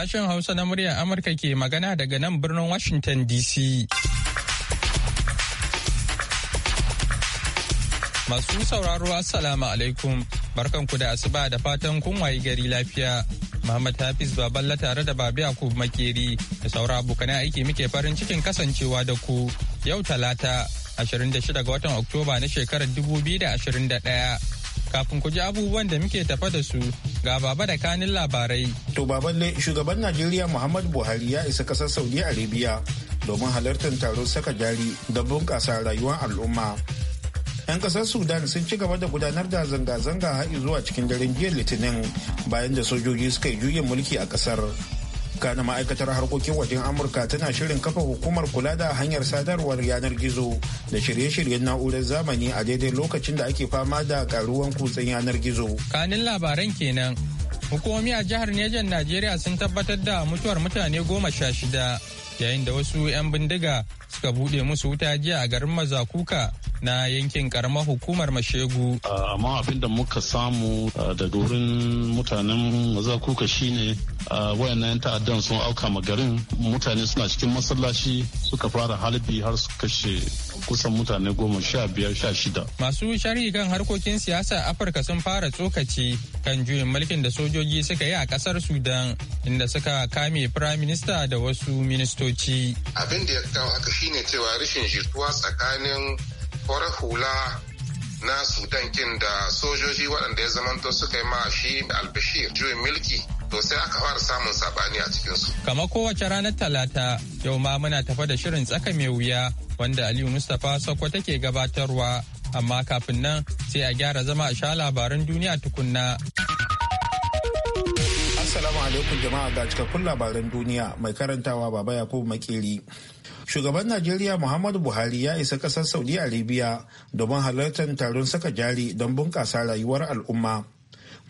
Sashen Hausa na muryar Amurka ke magana daga nan birnin Washington DC. Masu sauraro Assalamu alaikum barkanku da asuba da fatan kun wayi gari lafiya. Muhammad Hafiz Baballa tare da Babi Yakub Makeri da saura abokan aiki muke farin cikin kasancewa da ku yau talata 26 ga watan Oktoba na shekarar 2021. Kafin ku ji abubuwan da muke tafa da su ga baba da kanin labarai. To baban ne shugaban Najeriya Muhammadu Buhari ya isa kasar Saudi Arabia domin halartar taron saka jari da bunƙasa rayuwar al'umma. 'Yan kasar Sudan sun ci gaba da gudanar da zanga-zanga har zuwa cikin daren jiya Litinin bayan da sojoji suka yi juyin mulki a kasar. kana ma'aikatar harkokin wajen amurka tana shirin kafa hukumar kula da hanyar sadarwar yanar gizo da shirye-shiryen na'urar zamani a daidai lokacin da ake fama da karuwan kutsen yanar gizo kanin labaran kenan hukumomi a jihar nejan najeriya sun tabbatar da mutuwar mutane goma sha shida yayin da wasu 'yan bindiga suka bude musu wuta jiya a garin mazakuka na yankin karamar hukumar mashegu. amma abin da muka samu da wurin mutanen mazakuka shine wayannan ta'addan sun auka ma garin mutane suna cikin masallaci suka fara halbi har su kashe kusan mutane goma sha biyar sha shida. masu sharhi kan harkokin siyasa afirka sun fara tsokaci kan juyin mulkin da sojoji suka yi a kasar sudan inda suka kame firaminista da wasu ministoci. ministoci. Abin da ya kawo haka shine cewa rashin jituwa tsakanin farar hula na Sudan kin da sojoji waɗanda ya zamanto suka yi ma shi albashir juyin milki to sai aka fara samun sabani a cikin su Kama kowace ranar talata yau ma muna tafa da shirin tsaka mai wuya wanda Aliyu Mustapha Sokwa take gabatarwa amma kafin nan sai a gyara zama a sha labaran duniya tukunna. alaikum jama'a ga cikakkun labaran duniya mai karantawa baba yakubu makeri shugaban najeriya muhammadu buhari ya isa kasar saudi arabia domin halartar taron saka jari don bunƙasa rayuwar al'umma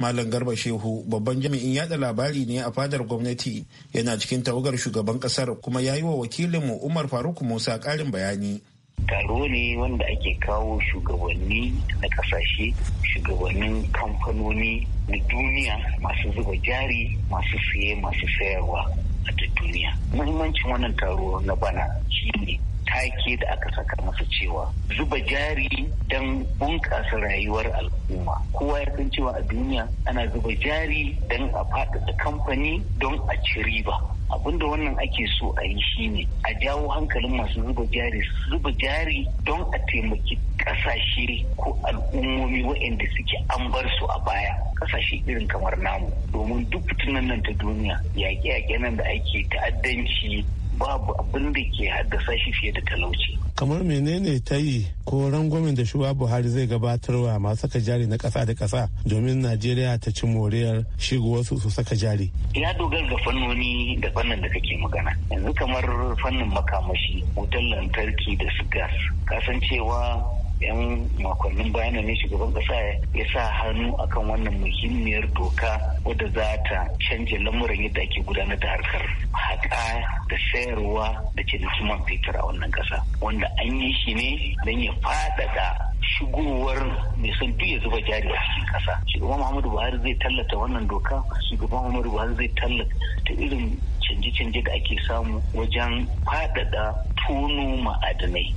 malam garba shehu babban jami'in yada labari ne a fadar gwamnati yana cikin tawagar shugaban kasar kuma ya yi wa wakilinmu umar faruk musa ƙarin bayani taro ne wanda ake kawo shugabanni na kasashe shugabannin kamfanoni na duniya masu zuba jari masu siye masu sayarwa a duniya muhimmancin wannan taro na bana shine take da aka saka masa cewa zuba jari don bunƙasa rayuwar al'umma kowa ya san cewa a duniya ana zuba jari don a faɗaɗa kamfani don a ci riba da wannan ake so a yi shine a jawo hankalin masu zuba jari zuba jari don a taimaki kasashe ko al'ummomi waɗanda suke an bar su a baya kasashe irin kamar namu domin duk fitinan nan ta duniya yaƙe-yaƙe nan da ake ta'addanci babu abin da ke haddasa shi fiye da talauci. kamar menene ta yi ko rangwamen da shugaba buhari zai gabatarwa masu saka jari na ƙasa da ƙasa domin najeriya ta ci moriyar wasu su saka jari ya dogara ga fannoni da fannin da kake magana yanzu kamar fannin makamashi wutar lantarki da su gas kasancewa yan makonnin bayan ne shugaban kasa ya sa hannu akan wannan muhimmiyar doka wadda za ta canje lamuran yadda ake gudanar da harkar haƙa da sayarwa da cinikin man fetur a wannan kasa wanda an yi shi ne don ya faɗaɗa shigowar mai son duk ya zuba jari a cikin kasa shugaban muhammadu buhari zai tallata wannan doka shugaban muhammadu buhari zai tallata irin canje-canje da ake samu wajen faɗaɗa tono ma'adanai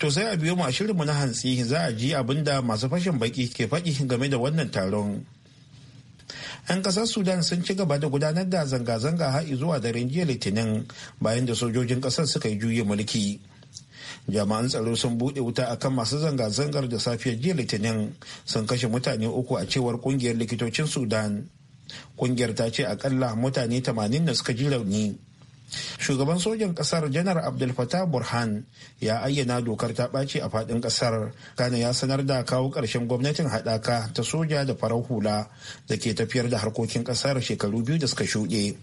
To sai a biyo mu a mu na hantsi za a ji abinda masu fashin baki ke faɗi game da wannan taron. 'Yan ƙasar Sudan sun ci gaba da gudanar da zanga-zanga har zuwa daren jiya Litinin bayan da sojojin ƙasar suka yi juye mulki. Jami'an tsaro sun buɗe wuta akan masu zanga-zangar da safiyar jiya Litinin sun kashe mutane uku a cewar ƙungiyar likitocin Sudan. Ƙungiyar ta ce akalla mutane 80 da suka ji rauni. shugaban sojan kasar janar abdul fatah burhan ya ayyana dokar ta ɓaci a faɗin kasar kana ya sanar da kawo ƙarshen gwamnatin haɗaka ta soja da farar hula da ke tafiyar da harkokin kasar shekaru biyu da suka shuɗe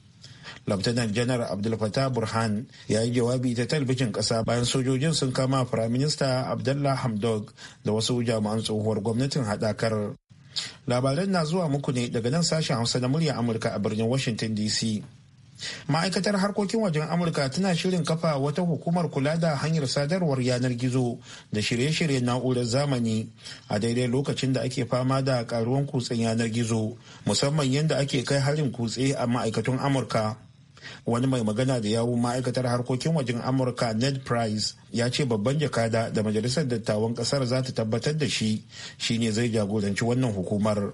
Lamtanan janar Abdul Fattah Burhan ya yi jawabi ta talbijin ƙasa bayan sojojin sun kama Firaminista Abdullah hamdog da wasu jami'an tsohuwar gwamnatin haɗakar. Labaran na zuwa muku ne daga nan sashen Hausa na murya Amurka a birnin Washington DC. ma'aikatar harkokin wajen amurka tana shirin kafa wata hukumar kula da hanyar sadarwar yanar gizo da shirye-shirye na'urar zamani a daidai lokacin da ake fama da karuwan kutsen yanar gizo musamman yadda ake kai harin kutse a ma'aikatun amurka wani mai magana da yawun ma'aikatar harkokin wajen amurka ned price ya ce babban jakada da majalisar dattawan kasar za ta tabbatar da shi shine zai jagoranci wannan hukumar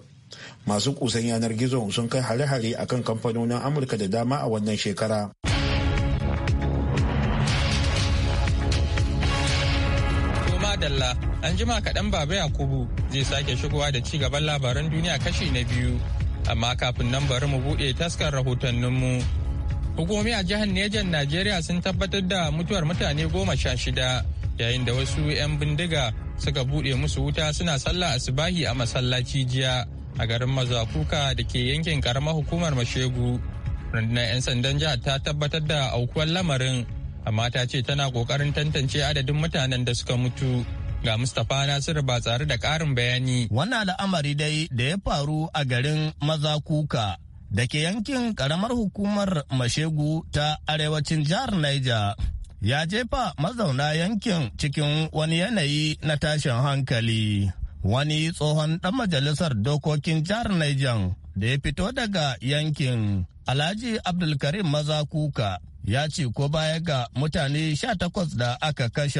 masu kusan yanar gizo sun kai hare-hare a kan kamfanonin amurka da dama a wannan shekara an jima kaɗan Baba Yakubu zai sake shigowa da ci gaban labaran duniya kashi na biyu. Amma kafin nan bari mu buɗe taskar mu. Hukumi a jihar Nejan Najeriya sun tabbatar da mutuwar mutane goma sha shida yayin da wasu 'yan bindiga suka buɗe musu wuta suna sallah asibahi a masallaci jiya a garin mazakuka da ke yankin karamar hukumar mashegu rundunar 'yan sandan jihar ta tabbatar da aukuwar lamarin amma ta ce tana kokarin tantance adadin mutanen da suka mutu ga mustapha nasiru ba tsare da karin bayani wannan al'amari dai da ya faru a garin mazakuka da ke yankin karamar hukumar mashegu ta arewacin jihar niger ya jefa mazauna yankin cikin wani yanayi na tashin hankali wani tsohon ɗan majalisar dokokin jihar Niger da ya fito daga yankin Alhaji Abdulkarim Maza Kuka ya ce ko baya ga mutane sha takwas da aka kashe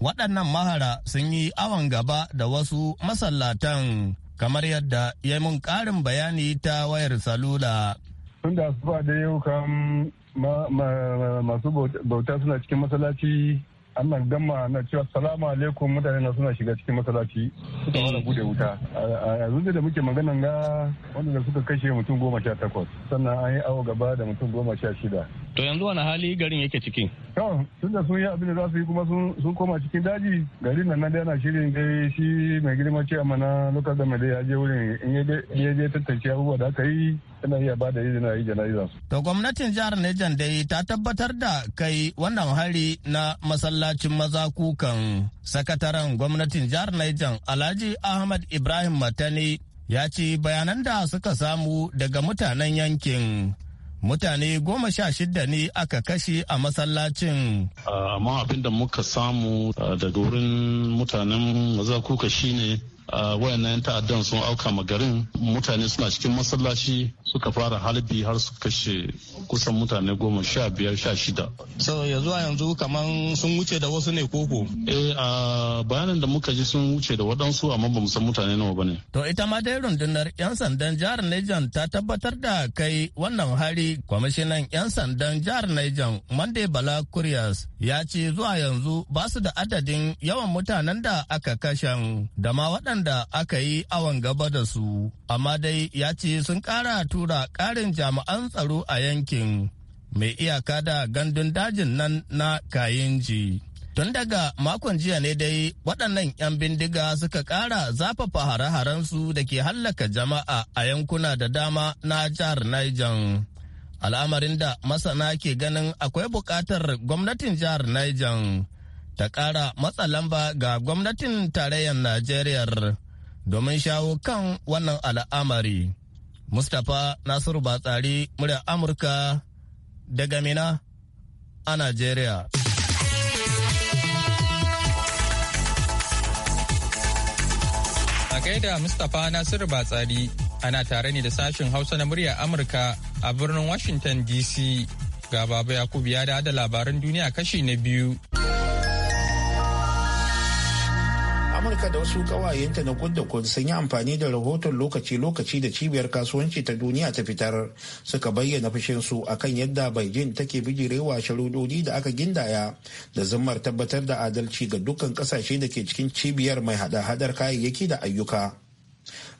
waɗannan mahara sun yi awon gaba da wasu masallatan kamar yadda ya mun ƙarin bayani ta wayar salula. Tun da da yau kam masu bauta suna cikin masallaci annan gama na cewa salamu alaikum mutane na suna shiga cikin masalaci. suka fara bude wuta a yanzu da muke maganan ga wanda suka kashe mutum goma sha takwas sannan an yi awo gaba da mutum goma sha shida to yanzu wani hali garin yake ciki to tun da sun yi abin da za su yi kuma sun koma cikin daji garin nan da yana shirin dai shi mai girma ce amma na lokacin da mai ya je wurin in ya je tattace abubuwa da aka yi ba da izini a yi su. To gwamnatin jihar nijan dai ta tabbatar da kai wannan hari na masallacin maza kukan sakataren gwamnatin jihar nijan Alhaji Ahmad Ibrahim Matani ya ce bayanan da suka samu daga mutanen yankin mutane goma sha shida ne aka kashe a masallacin. Ah, amma abin da muka samu ah, daga wurin mutanen maza kuka shine wayannan ta'addan sun auka ma garin mutane suna cikin masallaci suka fara halibi har su kashe kusan mutane goma sha biyar sha shida. so ya zuwa yanzu kaman sun wuce da wasu ne koko. eh a bayanin da muka ji sun wuce da waɗansu amma ba san mutane nawa bane. to ita ma dai rundunar yan sandan jihar Niger ta tabbatar da kai wannan hari kwamishinan yan sandan jihar Niger Monday Bala Kuriyas ya ce zuwa yanzu ba su da adadin yawan mutanen da aka kashe da ma waɗanda waɗanda aka yi awan gaba da su, amma dai ya ce sun ƙara tura ƙarin jami'an tsaro a yankin mai iyaka da gandun dajin nan na Kayinji. Tun daga makon jiya ne dai waɗannan 'yan bindiga suka ƙara zafafa hare-harensu da ke hallaka jama'a a yankuna da dama na jihar Niger. Al'amarin da masana ke ganin akwai buƙatar gwamnatin jihar Niger. ta ƙara matsa lamba ga gwamnatin tarayyar Najeriya domin shawo kan wannan al'amari. Mustapha Nasiru Batsari, murya Amurka daga Mina a Najeriya. A gaida Mustapha Nasiru Batsari ana tare ne da sashen Hausa na murya Amurka a birnin Washington DC. Ga Baba Yakubu ya da labarin duniya kashi na biyu. amurka da wasu kawayenta na kudda da sun yi amfani da rahoton lokaci-lokaci da cibiyar kasuwanci ta duniya ta fitar suka bayyana fushinsu akan yadda beijing take bijirewa sharuɗoɗi da aka gindaya da zammar tabbatar da adalci ga dukkan kasashe da ke cikin cibiyar mai hada-hadar kayayyaki da ayyuka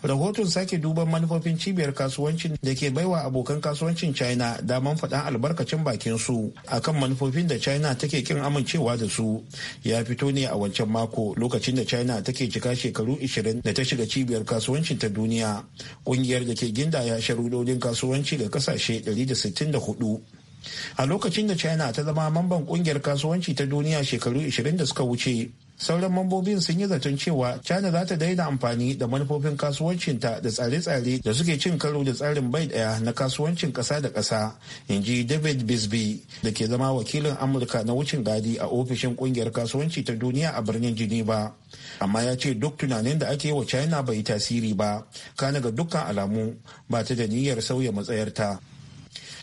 rahoton sake duban manufofin cibiyar kasuwancin da ke baiwa abokan kasuwancin china daman faɗan albarkacin bakin su akan manufofin da china take kin amincewa da su ya fito ne a wancan mako lokacin da china take cika shekaru 20 da ta shiga cibiyar kasuwancin ta duniya ƙungiyar da ke gindaya sharudodin kasuwanci ga kasashe 164 a lokacin da china ta zama mamban kungiyar kasuwanci ta duniya shekaru 20 da suka wuce sauran mambobin sun yi zaton cewa china za ta daina amfani da manufofin kasuwancinta da tsare-tsare da suke cin karo da tsarin bai daya na kasuwancin kasa da kasa in ji david bisbee da ke zama wakilin amurka na wucin gadi a ofishin kungiyar kasuwanci ta duniya a birnin geneva amma ya ce duk tunanin da ake yi wa china bai tasiri ba kana ga dukkan alamu ba ta da niyyar sauya matsayarta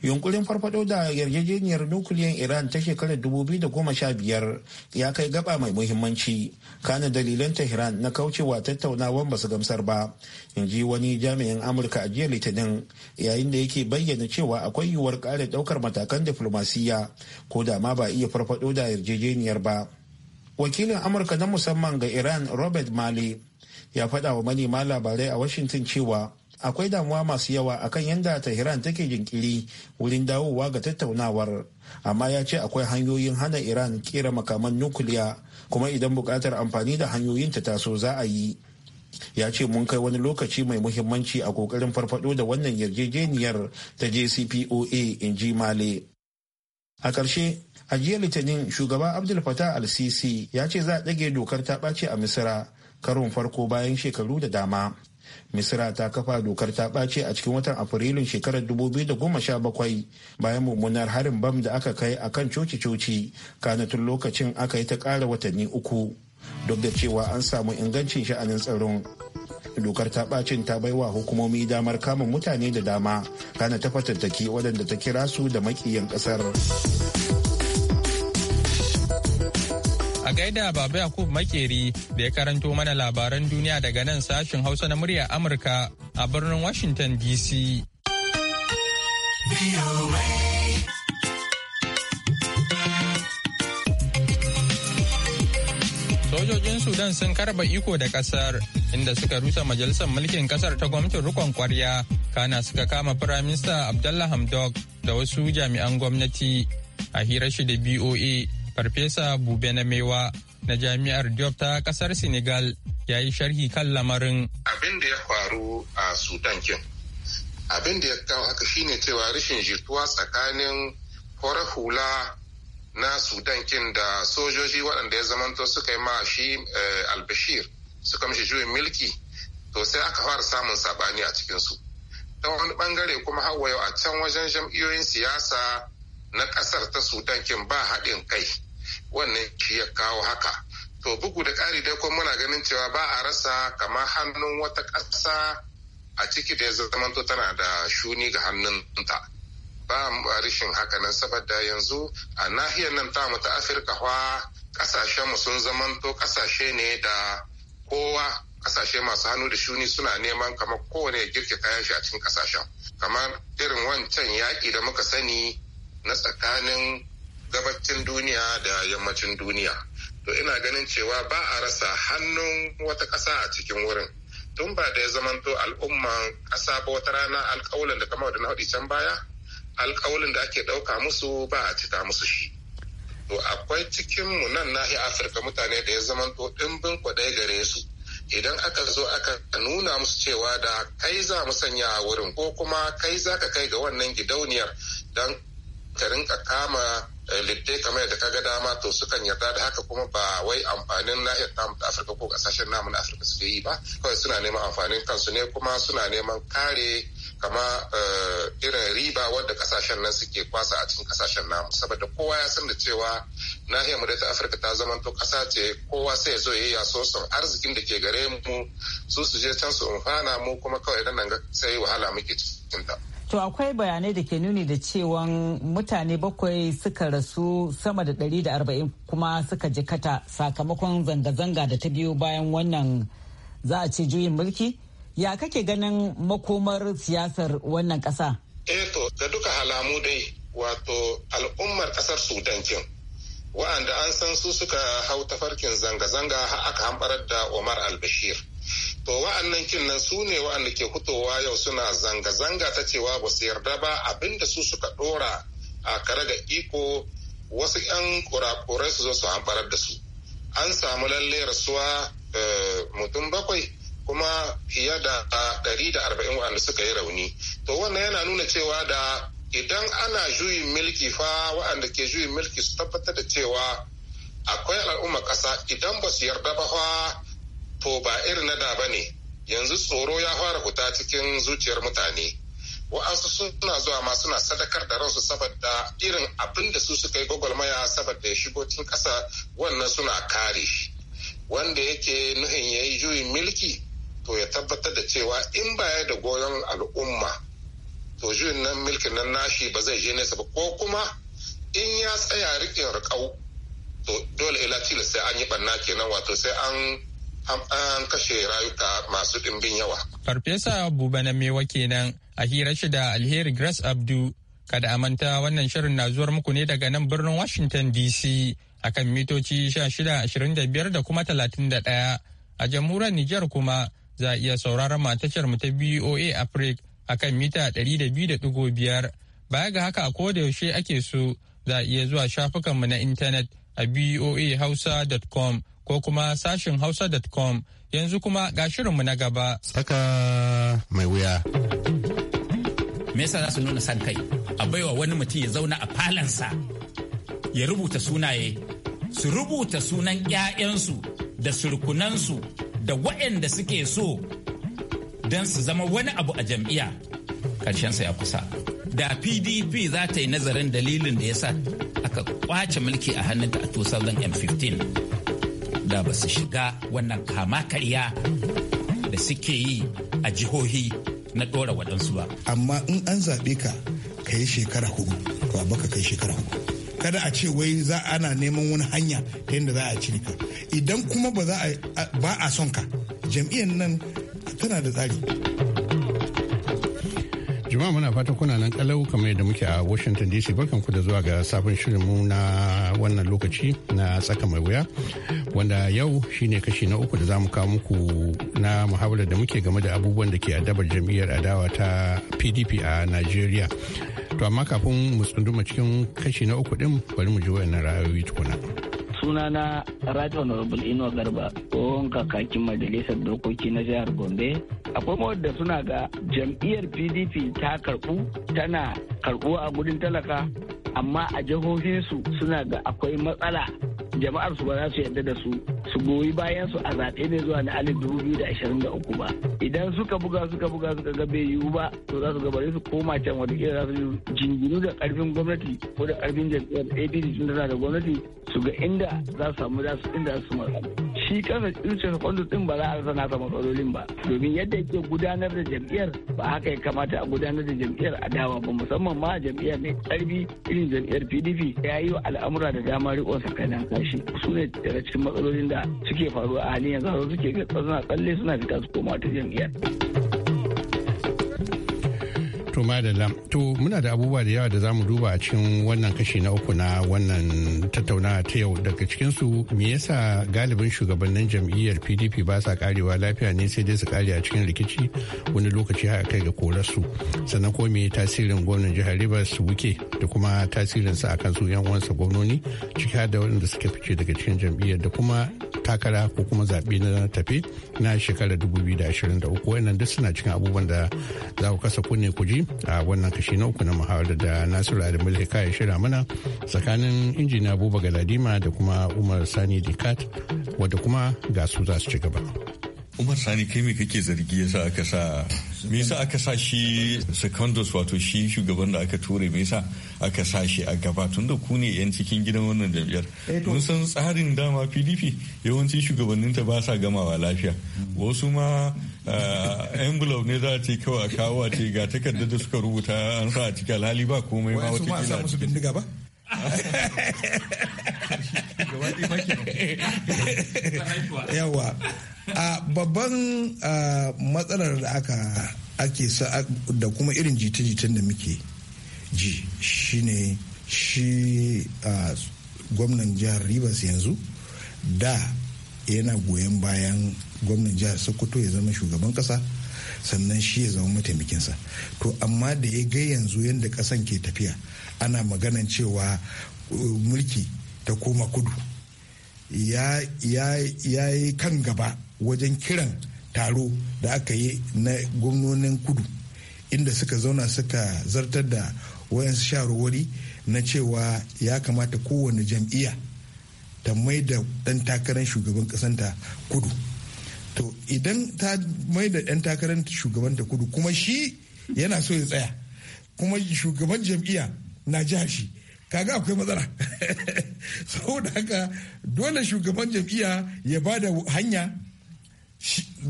yunkurin farfado da yarjejeniyar nukiliyan iran ta shekarar dubu biyu da sha biyar ya kai gaba mai muhimmanci kana dalilan tehran na kaucewa tattaunawan basu gamsar ba in ji wani jami'in amurka a jiya litinin yayin da yake bayyana cewa akwai yiwuwar kare daukar matakan diflomasiyya ko da ma ba iya farfado da yarjejeniyar ba wakilin amurka na musamman ga iran robert mali ya faɗa wa manema labarai a washington cewa akwai damuwa masu yawa akan yadda tehran take jinkiri wurin dawowa ga tattaunawar amma ya ce akwai hanyoyin hana iran kera makaman nukiliya kuma idan buƙatar amfani da hanyoyin ta taso za a yi ya ce mun kai wani lokaci mai muhimmanci a kokarin farfado da wannan yarjejeniyar ta jcpoa in ji male a ƙarshe a jiya litinin shugaba abdul fatah al-sisi ya ce za a ɗage dokar ta ɓace a misira karon farko bayan shekaru da dama misira ta kafa dokar ta ɓace a cikin watan afrilun shekarar 2017 bayan mummunar harin bam da aka kai a kan coci-coci kanatun lokacin aka yi ta ƙara watanni uku duk da cewa an samu ingancin sha'anin tsaron dokar ta ɓacin ta baiwa hukumomi damar kama mutane da dama kana ta fatattaki waɗanda ta kira su da makiyan ƙasar. A gaida Baba Yakub Makeri da ya karanto mana labaran duniya daga nan sashen Hausa na murya Amurka a birnin Washington DC. Sojojin Sudan sun karba iko da kasar inda suka rusa majalisar mulkin kasar ta gwamnatin rukon kwarya kana suka kama Firaminista Abdullah Hamdok da wasu jami'an gwamnati a hirar shi da BOA Farfesa Bube na Mewa na Jami'ar Diop ta kasar Senegal ya yi sharhi kan lamarin. Abin da ya faru a Sudan kin. Abin da ya kawo haka shine cewa rashin jituwa tsakanin horar hula na Sudan kin da sojoji waɗanda ya zamanto suka yi ma shi eh, albashir suka mishi juyin milki to sai aka fara samun sabani a cikinsu. Ta wani bangare kuma har a can wajen jam'iyoyin siyasa na kasar ta sudan kin ba haɗin kai wannan shi ya kawo haka to bugu da ƙari dai kuma muna ganin cewa ba a rasa kama hannun wata ƙasa a ciki da ya zamanto tana da shuni ga hannunta ba rashin haka nan saboda yanzu a nahiyar nan tamu ta afirka wa mu sun to ƙasashe ne da kowa ƙasashe masu hannu da shuni suna neman kamar kowane ya girke kayan shi a cikin ƙasashen kamar irin wancan yaƙi da muka sani na tsakanin gabacin duniya da yammacin duniya to ina ganin cewa ba a rasa hannun wata ƙasa a cikin wurin tun ba da ya zamanto al'umman ƙasa ba wata rana alƙawulin da kamar da na haɗi can baya alƙawulin da ake ɗauka musu ba a cika musu shi to akwai cikin mu nan nahi afirka mutane da ya zamanto ɗimbin kwaɗai gare su idan aka zo aka nuna musu cewa da kai za mu sanya a wurin ko kuma kai za ka kai ga wannan gidauniyar don ka rinka kama eh, litte kamar yadda kaga dama to sukan yarda da haka kuma ba wai amfanin nahiyar tamu ta afirka ko kasashen namu na afirka suke yi ba kawai suna neman amfanin kansu ne kuma suna neman kare kama eh, irin riba wadda kasashen nan suke kwasa a cikin kasashen namu saboda kowa ya san da cewa nahiyar mu ta afirka ta zama to kasa ce kowa sai ya zo ya yi yasoson arzikin da ke gare mu su su je can su umfana mu kuma kawai nan sai wahala muke cikin ta. To akwai bayanai da ke nuni da cewa mutane bakwai suka rasu sama da 140 kuma suka jikata sakamakon zanga-zanga da ta biyo bayan wannan za a ce juyin mulki. Ya kake ganin makomar siyasar wannan ƙasa? Eto, eh da duka halamu dai wato al'ummar ƙasar Sudan kin. Wa'anda an san su suka hau tafarkin zanga-zanga aka hambarar da Omar al-Bashir. to wa'annan kin nan su ne wa'anda ke hutowa yau suna zanga-zanga ta cewa ba su yarda ba abinda su suka dora a kare ga iko wasu 'yan kurakurai su zo su amfarar da su an samu lalle rasuwa eh, mutum bakwai kuma fiye da ɗari da arba'in suka yi rauni to wannan yana nuna cewa da idan ana juyin milki fa wa'anda ke juyin milki su tabbatar da cewa akwai al'umma ƙasa idan ba su yarda ba fa to ba irin na da ba ne yanzu tsoro ya fara fita cikin zuciyar mutane wa'ansu suna zuwa ma suna sadakar da ransu saboda irin abin da su suka yi gwagwalmaya saboda ya shigo cikin ƙasa wannan suna kare shi wanda yake nuhin ya yi juyin milki to ya tabbatar da cewa in ba ya da goyon al'umma to juyin nan milkin nan nashi ba zai je nesa ba ko kuma in ya tsaya riƙe rikau. to dole ila sai an yi ɓanna kenan wato sai an an kashe rayuka masu dimbin yawa. Farfesa Mewa kenan a hira shi da Alheri Grace Abdu. Kada a manta wannan shirin na zuwar muku ne daga nan birnin Washington DC akan mitoci 1625 da kuma 31 a jamhuriyar Nijar kuma za a iya sauraron matashar mu ta BOA Africa akan mita 200.5 baya ga haka a koda yaushe ake so za a iya zuwa shafukanmu na intanet a boahausa.com ko kuma sashin hausa.com yanzu kuma ga shirinmu na gaba. Saka mai wuya. Me yasa za su nuna san kai? A baiwa wani mutum ya zauna a falansa ya rubuta sunaye, su rubuta sunan 'ya'yansu da surkunansu da waɗanda suke so don su zama wani abu a jam'iyya. Ƙarshensa ya kusa. Da PDP za ta yi nazarin dalilin da ya sa aka kwace mulki a hannunta a 2015. da ba su shiga wannan kama karya da suke yi a jihohi na ɗora waɗansu ba. Amma in an zaɓe ka ka yi shekara hudu, to ka kai shekara hudu. kada a ce wai za ana neman wani hanya ta yadda za a cire ka idan kuma ba a son ka jam'iyyar nan tana da tsari. Juma muna fatan kuna nan kalau kamar yadda muke a Washington DC ku da zuwa ga sabon mu na wannan lokaci na tsaka mai wuya wanda yau shine kashi na uku da zamu kawo muku na muhawarar da muke game da abubuwan da ke adabar jam'iyyar adawa ta PDP a nigeria To amma kafin mu tsunduma cikin kashi na uku din bari mu ji wayannan ra'ayoyi tukuna. sunana right honorable ino garba tsohon kakakin majalisar dokoki na jihar gombe akwai mawadda suna ga jam'iyyar pdp ta karbu tana karɓuwa a gudun talaka amma a jihohinsu suna ga akwai matsala jama'ar su ba za su yarda da su su goyi bayan su a zaɓe mai zuwa na alif dubu biyu da ashirin da uku ba idan suka buga suka buga suka ga bai yiwu ba to za su gabare su koma can watakila za su yi jinginu da karfin gwamnati ko da karfin jam'iyyar apc tun tana da gwamnati su ga inda za su samu inda za su samu shi kasa institution kwando din ba za a sana matsalolin ba domin yadda yake gudanar da jam'iyyar ba haka ya kamata a gudanar da jam'iyyar adawa ba musamman ma jam'iyyar ne karbi irin jam'iyyar pdp ya yi wa al'amura da dama riƙon tsakanin kashi su ne daga cikin matsalolin da suke faruwa a halin yanzu suke suna tsalle suna fita su koma ta jam'iyyar. To madalla, to muna da abubuwa da yawa da za mu duba a cikin wannan kashi na uku na wannan tattaunawa ta yau daga cikinsu me yasa galibin shugabannin jam'iyyar PDP ba sa karewa lafiya ne sai dai su kare a cikin rikici wani lokaci har kai ga korarsu sannan ko me tasirin gwamnan jihar Rivers wuke da kuma tasirin sa akan su yan uwansa gwamnoni ciki har da waɗanda suke fice daga cikin jam'iyyar da kuma takara ko kuma zaɓe na tafe na shekarar 2023 wannan duk suna cikin abubuwan da za ku kasa kunne ku ji a wannan kashi na uku na muhawarar da nasiru adamu ya shirya mana tsakanin injina buba galadima da kuma umar sani dikat wadda kuma ga su za su ci gaba. umar sani kai mai kake zargi yasa aka sa me yasa aka sa shi secondos wato shi shugaban da aka ture me yasa aka sa shi a gaba tun da ku ne yan cikin gidan wannan jam'iyyar eh, mun san tsarin dama pdp yawanci ta ba sa gamawa lafiya wasu ma eh, envelope ne za a ce kawai a kawo a ce ga takardar da suka rubuta an sa a cikin alhali ba komai ba wata kila yawa a babban matsalar da aka ake sa da kuma irin jita-jitan da muke ji shine shi gwamnan jihar rivers yanzu da yana goyon bayan gwamnan jihar sokoto ya zama shugaban kasa sannan shi ya zama mataimakinsa to amma da ya ga yanzu yadda kasan ke tafiya ana maganan cewa uh, mulki ta koma kudu ya yi kan gaba wajen kiran taro da aka yi na gwamnonin kudu inda suka zauna suka zartar da wayansu shawarwari na cewa ya kamata kowane jam'iyya ta mai da ɗan takarar shugaban ƙasanta kudu to idan ta mai da ɗan takarar shugaban ta kudu kuma shi yana so ya tsaya kuma shugaban jam'iyya na jihar shi kaga akwai matsala saboda haka dole shugaban jam'iyya ya ba da hanya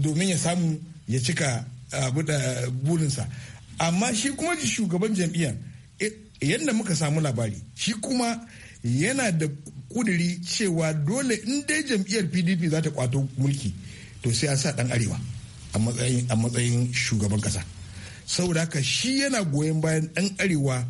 domin ya samu ya cika burinsa amma shi kuma shugaban jam'iyya e, yadda muka samu labari shi kuma yana da kuduri cewa dole in dai jam'iyyar pdp za ta kwato mulki to sai a sa dan arewa a matsayin shugaban kasa saboda haka shi yana goyon bayan dan arewa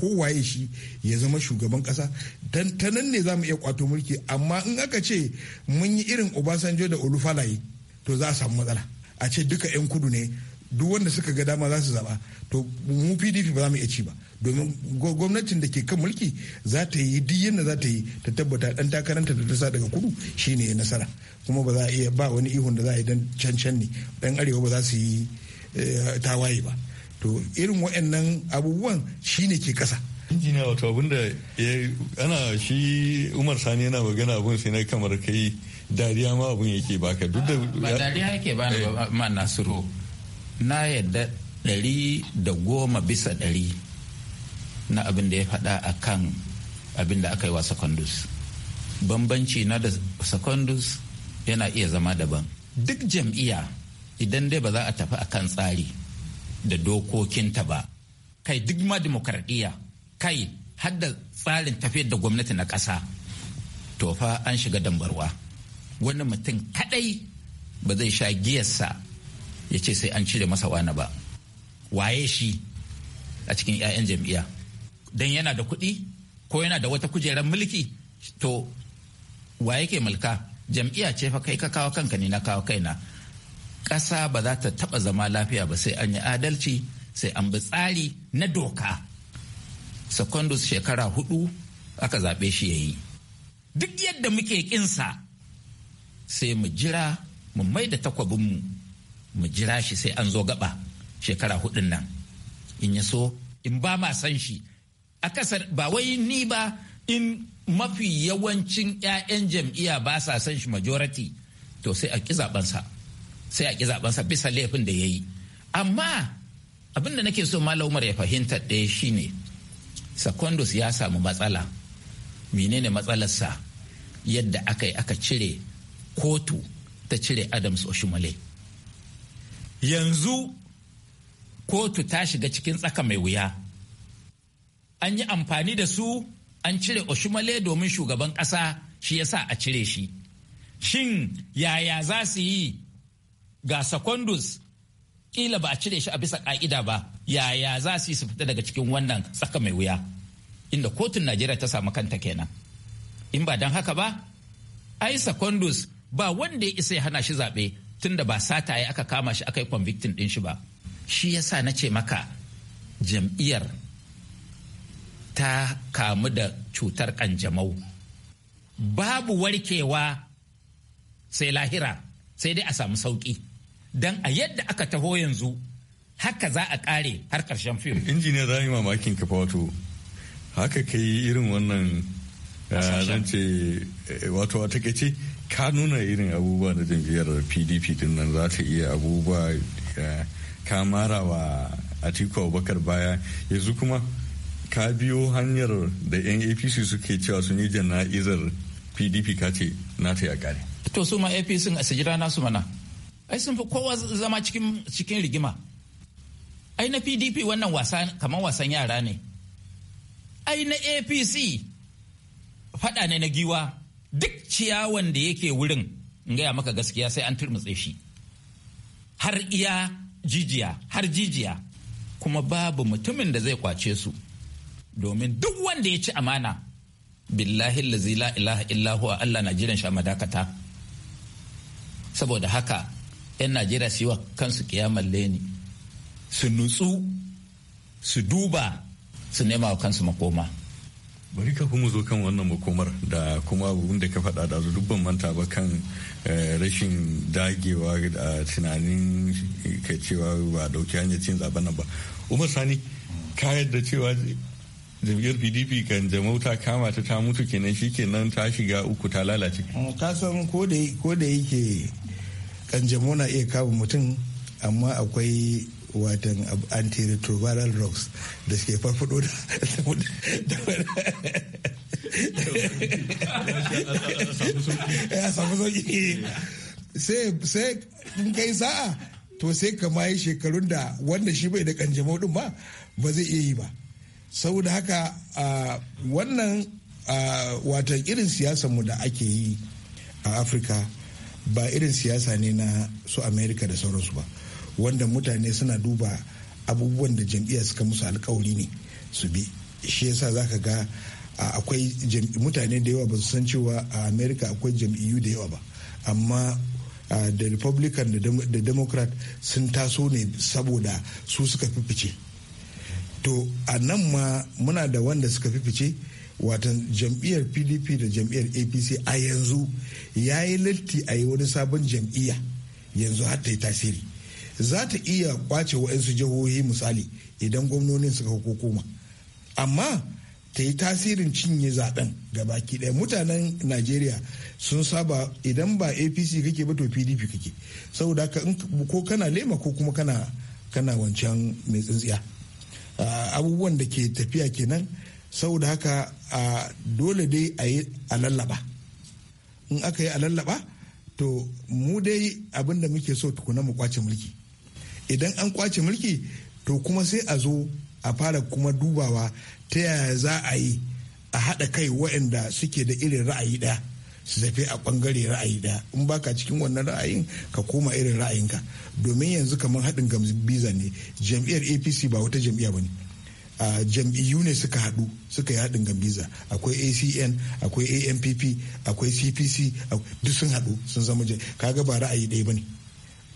kowaye shi ya zama shugaban kasa ta nan ne za mu iya kwato mulki amma in aka ce mun yi irin obasanjo da olufalaye to za a samu matsala a ce duka 'yan kudu ne duk wanda suka ga dama za su zaba to mu pdp ba za mu iya ci ba domin gwamnatin da ke kan mulki za ta yi duk yadda za ta yi ta tabbata dan takaranta da ta sa daga kudu shine ya nasara kuma ba za a iya ba wani ihun da za a yi dan cancan ne dan arewa ba za su yi eh, tawaye ba to irin waɗannan abubuwan shine ke ƙasa injiniya wato abinda ana shi umar sani yana magana abun sai na kamar kai dariya ma abun yake baka duk da ba dariya yake ba na eh. ma nasiru na yadda ɗari da goma bisa ɗari na abin da ya faɗa a kan abin da aka yi wa secondus bambanci na da secondus yana iya zama daban duk jam'iyya idan dai ba za a tafi a kan tsari da dokokinta ba kai duk ma demokaradiyya kai hadda tsarin tafiyar da gwamnati na ƙasa to fa an shiga dambarwa wani mutum kaɗai ba zai sha giyarsa ya ce sai an cire masa wani ba waye shi a cikin 'ya'yan jam'iyya don yana da kuɗi ko yana da wata kujerar mulki to Waye ke mulka jam'iyya ce fa kai ka kawo kanka ne na kawo kaina ƙasa ba za ta taɓa zama lafiya ba sai an yi adalci sai an bi tsari na doka secondus shekara hudu aka zaɓe shi ya yi duk yadda muke ƙinsa sai mu jira mu mai da takwabinmu mu jira shi sai an zo gaba shekara hudun nan in ya so in ba ma san shi akasar ba wai ni ba in mafi yawancin 'ya'yan jam'iyya ba sa san shi majority to sai a ƙi zaɓensa. sai a ƙi zabansa bisa laifin da ya yi amma abin da nake so malam umar ya fahimta ɗaya shine secondus ya samu matsala menene matsalarsa yadda aka yi aka cire kotu ta cire adams oshimale yanzu kotu ta shiga cikin tsaka mai wuya an yi amfani da su an cire oshimale domin shugaban ƙasa shi ya sa a cire shi shin yaya za su yi ga secondus kila ba a cire shi a bisa ka'ida ba yaya za su yi su fita daga cikin wannan tsaka mai wuya inda kotun najeriya ta samu kanta kenan in ba don haka ba ai secondus ba wanda ya isa ya hana shi zaɓe tunda ba sata ya aka kama shi aka yi convicting ɗin shi ba shi ya sa na ce maka jam'iyyar ta kamu da cutar ƙanjamau. babu warkewa sai lahira sai dai a samu sauƙi don a yadda aka taho yanzu haka za a kare har karshen fim injiniya za yi mamakin ka wato haka ka yi irin wannan eh, zance eh, wato a takaice ka nuna irin abubuwa da jam'iyyar pdp din nan za ta iya abubuwa eh, ka mara wa atiku abubakar baya yanzu kuma ka biyo hanyar da yan apc suke cewa sun yi jana'izar pdp ka ce na ta yi a kare to su ma apc a sajira na su mana ai sun fi kowa zama cikin rigima ai na pdp wannan wasa kamar wasan yara ne ai na apc fada ne na giwa duk ciyawan da yake wurin in gaya maka gaskiya sai an turmutse shi har iya jijiya har jijiya kuma babu mutumin da zai kwace su domin duk wanda ya ci amana billahi lazila ilaha illahu a Allah na jiran sha madakata saboda haka 'yan najeriya su yi wa kansu kiyamar leni su nutsu su duba su nema wa kansu makoma bari ka kuma zo kan wannan makomar da kuma abubuwan da ka faɗa da dubban manta ba kan eh, rashin dagewa da tunanin ka cewa ba dauki hanyar cin zaben nan ba umar sani ka yadda cewa jam'iyyar pdp kan jama'u ta kama ta ta mutu kenan shi kenan ta shiga uku ta lalace ka san ko da yake Ƙanjamau na iya kama mutum amma akwai watan antiretroviral drugs da suke farfado da ya samu sauki sai in kai sa'a to sai kama yi shekarun da wanda shi bai da kanjamau din ba ba zai iya yi ba saboda haka wannan watan irin mu da ake yi a afirka ba irin siyasa ne na su amerika da sauransu ba wanda mutane suna duba abubuwan da jam'iyya suka musu alkawari ne su bi shi yasa za ka ga akwai mutane da yawa ba su san cewa a amerika akwai jam'iyyu da yawa ba amma da republican da democrat sun taso ne saboda su suka fi fice to a nan ma muna da wanda suka fi fice watan jam'iyyar pdp da jam'iyyar apc a yanzu ya yi latti a yi wani sabon jam'iyya yanzu har ta yi tasiri za ta iya kwace wa'yansu jihohi misali idan gwamnonin suka hukuma amma ta yi tasirin cinye ga baki ɗaya mutanen najeriya sun saba idan ba apc kake ba to pdp kake saboda ko kana lema ko kuma kana kana wancan mai tsintsiya ah, abubuwan da ke tafiya kenan saboda haka a dole dai a yi alallaba in aka yi alallaba to mu dai abinda muke so tukuna mu kwace mulki idan an kwace mulki to kuma sai a zo a fara kuma dubawa ta yaya za a yi a haɗa kai waɗanda suke da irin ra'ayi ɗaya su tafi a ɓangare ra'ayi ɗaya in baka cikin wannan ra'ayin ka koma irin ra'ayinka domin yanzu kamar haɗin gambiza ne jam'iyyar apc ba wata jam'iyya ba ne a jam'iyyu ne suka haɗu suka yi haɗin gambiza akwai acn akwai ampp akwai cpc duk sun haɗu sun zama kaga ba ra'ayi ɗaya ba ne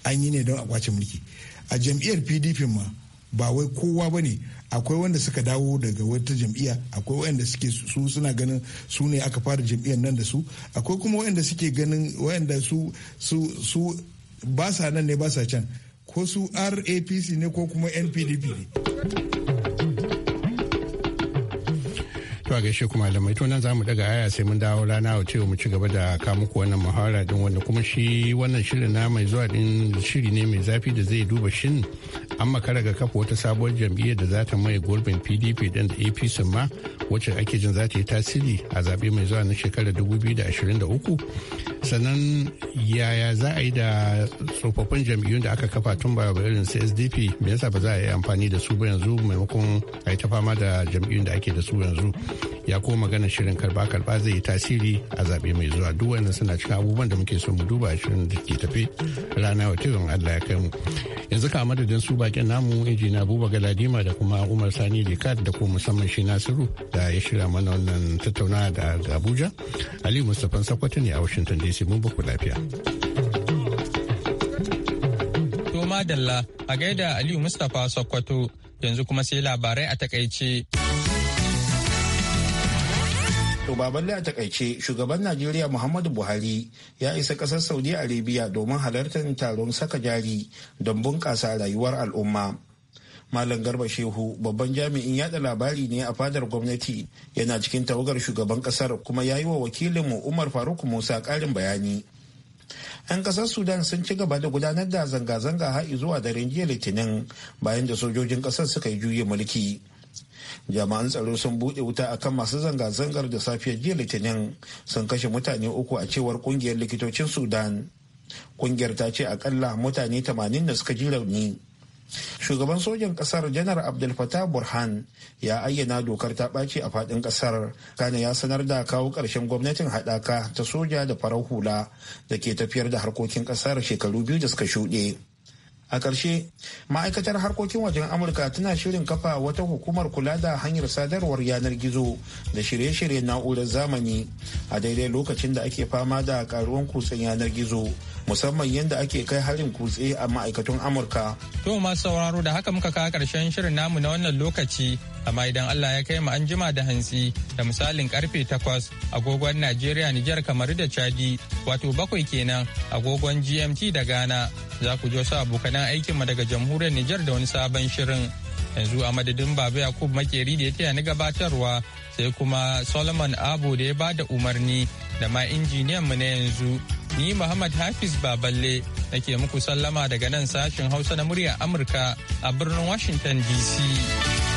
an yi ne don a kwace mulki a jam'iyyar pdp ma ba wai kowa ba ne akwai wanda suka dawo daga wata jam'iyya akwai wanda suke su suna ganin su ne aka fara jam'iyyar nan da su akwai kuma wanda suke ganin wanda su su su ba sa nan ne ba sa can ko su rapc ne ko kuma npdp ne To a gaishe kuma malamai to nan za mu daga aya sai mun dawo rana a cewa mu ci gaba da kamuku wannan muhawara din wanda kuma shi wannan shirin na mai zuwa din shiri ne mai zafi da zai duba shin an makara ga kafa wata sabuwar jam'iyyar da za ta maye gurbin PDP din da APC ma wacce ake jin za ta yi tasiri a zabe mai zuwa na shekarar 2023 sannan yaya za a yi da tsofaffin jam'iyyun da aka kafa tun ba irin su SDP me yasa ba za a yi amfani da su ba yanzu maimakon a yi ta fama da jam'iyyun da ake da su yanzu ya kuma maganar shirin karba-karba zai yi tasiri a zaɓe mai zuwa duk wanda suna cikin abubuwan da muke so mu duba shirin da ke tafe rana wa tiyon Allah ya kai mu yanzu ka madadin su bakin namu injina Buba Galadima da kuma Umar Sani Likat da kuma musamman shi Nasiru da ya shirya mana wannan tattaunawa da Abuja Ali Mustapha Sakwato ne a Washington DC mun ku lafiya. To madalla a gaida Aliyu Mustapha Sokoto yanzu kuma sai labarai a takaice. To baballe a takaice shugaban Najeriya Muhammadu Buhari ya isa ƙasar Saudi Arabia domin halartar taron saka jari don bunƙasa rayuwar al'umma. Malam Garba Shehu babban jami'in yada labari ne a fadar gwamnati yana cikin tawagar shugaban kasar kuma ya yi wa wakilinmu Umar Faruk Musa ƙarin bayani. 'Yan kasar Sudan sun ci gaba da gudanar da zanga-zanga har zuwa daren jiya Litinin bayan da sojojin kasar suka yi juye mulki. Jami'an tsaro sun buɗe wuta akan masu zanga-zangar da safiyar jiya litinin sun kashe mutane uku a cewar kungiyar likitocin sudan kungiyar ta ce akalla mutane 80 da suka ji rauni shugaban sojan kasar janar abdul fatah burhan ya ayyana dokar ta ɓaci a faɗin kasar. kana ya sanar da kawo ƙarshen gwamnatin haɗaka ta soja da farar hula da ke tafiyar da harkokin ƙasar shekaru biyu da suka shuɗe a ƙarshe ma'aikatar harkokin wajen amurka tana shirin kafa wata hukumar kula da hanyar sadarwar yanar gizo da shirye-shirye na'urar zamani a daidai lokacin da ake fama da karuwan kutsen yanar gizo musamman yadda ake kai harin kutse a ma'aikatun amurka to masu sauraro da haka muka kawo ƙarshen shirin namu na wannan lokaci amma idan allah ya kai mu an jima da hantsi da misalin karfe takwas agogon najeriya nijar kamar da chadi wato bakwai kenan agogon gmt da ghana za ku ji wasu abokanan aikinmu daga jamhuriyar Nijar da wani sabon shirin. Yanzu a madadin Baba Yakub Makeri da ya taya ni gabatarwa sai kuma Solomon Abu da ya bada umarni da ma injiniyan mu na yanzu. Ni Muhammad Hafiz Baballe nake muku sallama daga nan sashen Hausa na muryar Amurka a birnin Washington DC.